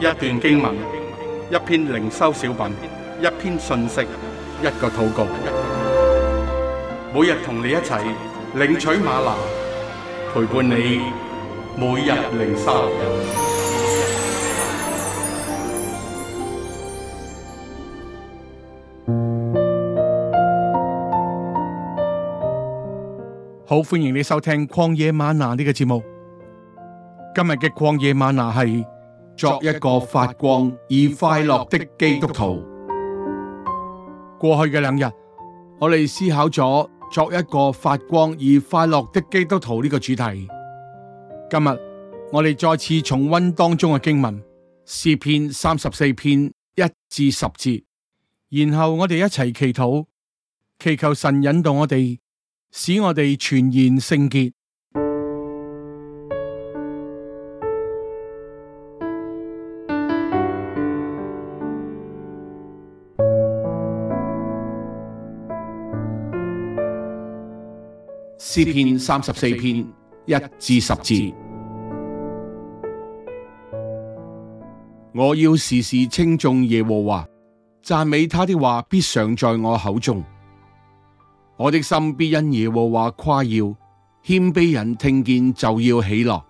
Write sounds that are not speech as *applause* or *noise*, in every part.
一段經文，一篇靈修小品，一篇信息，一個禱告。每日同你一齊領取嗎哪，陪伴你每日靈修。好，歡迎你收聽曠野嗎哪呢個節目。今日嘅曠野嗎哪係。作一個發光而快樂的基督徒。過去嘅兩日，我哋思考咗作一個發光而快樂的基督徒呢個主題。今日我哋再次重溫當中嘅經文詩篇三十四篇一至十節，然後我哋一齊祈禱，祈求神引導我哋，使我哋全然聖潔。詩篇三十四篇一至十節，我要時時稱頌耶和華，讚美他的話必常在我口中，我的心必因耶和華誇耀，謙卑人聽見就要喜樂。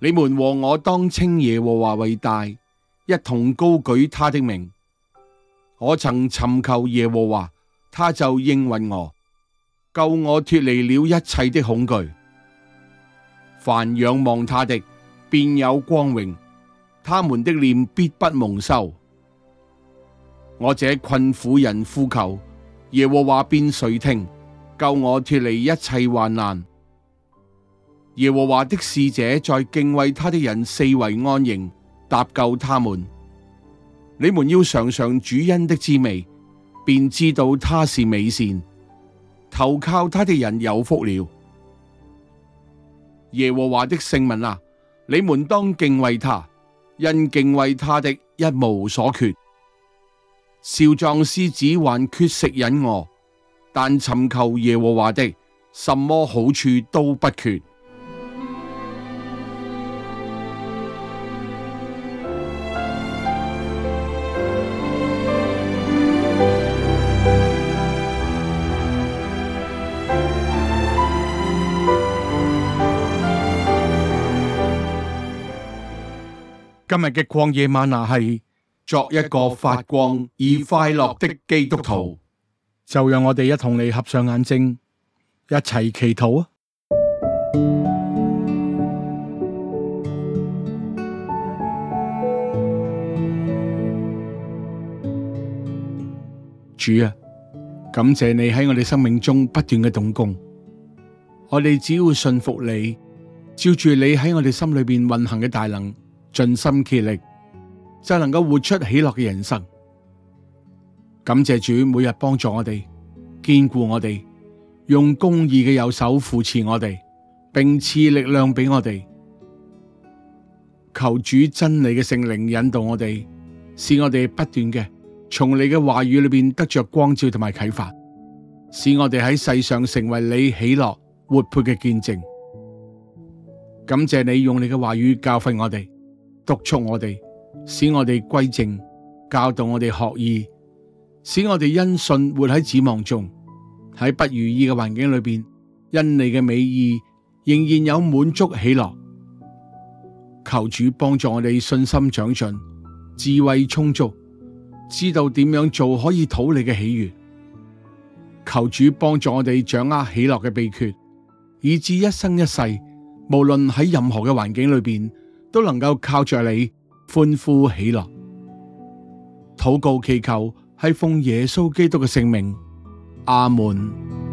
你們和我當稱耶和華為大，一同高舉他的名。我曾尋求耶和華，他就應允我。救我脫離了一切的恐懼，凡仰望他的，便有光榮；他們的臉必不蒙羞。我這困苦人呼求，耶和華便垂聽，救我脫離一切患難。耶和華的使者在敬畏他的人四圍安營，搭救他們。你們要嘗嘗主恩的滋味，便知道他是美善。投靠他的人有福了。耶和華的聖民啊，你們當敬畏他，因敬畏他的，一無所缺。少壯獅子還缺食忍餓，但尋求耶和華的，什麼好處都不缺。今日嘅曠野嗎哪係作一個發光而快樂的基督徒， *music* 就讓我哋一同嚟合上眼睛，一齊祈禱啊！ *music* 主啊，感謝你喺我哋生命中不斷嘅動工，我哋只要信服你，照住你喺我哋心裏邊運行嘅大能。盡心竭力就能夠活出喜樂嘅人生。感謝主每日幫助我哋，堅固我哋，用公義嘅右手扶持我哋，並賜力量俾我哋。求主真理嘅聖靈引導我哋，使我哋不斷嘅從你嘅話語裏邊得着光照同埋啟發，使我哋喺世上成為你喜樂活潑嘅見證。感謝你用你嘅話語教訓我哋。督促我哋，使我哋歸正，教導我哋學義，使我哋因信活喺指望中，喺不如意嘅環境裏邊，因你嘅美意仍然有滿足喜樂。求主幫助我哋信心長進，智慧充足，知道點樣做可以討你嘅喜悅。求主幫助我哋掌握喜樂嘅秘訣，以致一生一世，無論喺任何嘅環境裏邊。都能夠靠着你歡呼喜樂，禱告祈求係奉耶穌基督嘅聖名，阿門。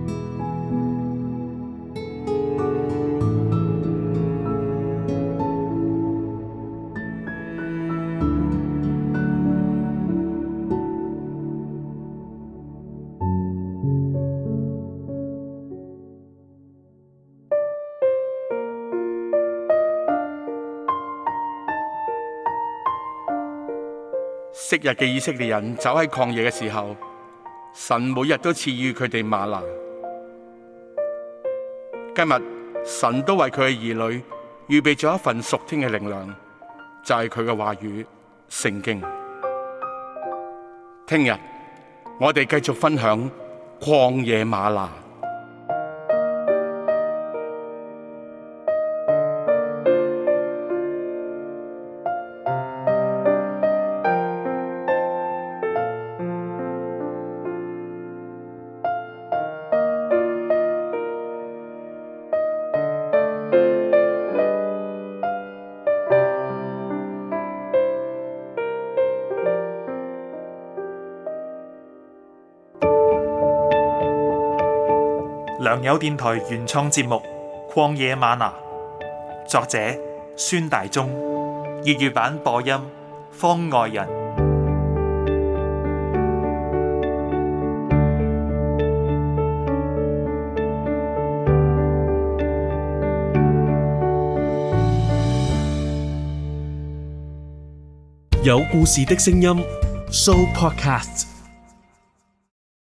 昔日嘅以色列人走喺曠野嘅時候，神每日都賜予佢哋嗎哪。今日神都為佢嘅兒女預備咗一份屬天嘅靈糧，就係佢嘅話語聖經。聽日我哋繼續分享曠野嗎哪。良友電台原創節目《曠野嗎哪》，作者孫大中，粵語版播音方外人。有故事的聲音，Show Podcast。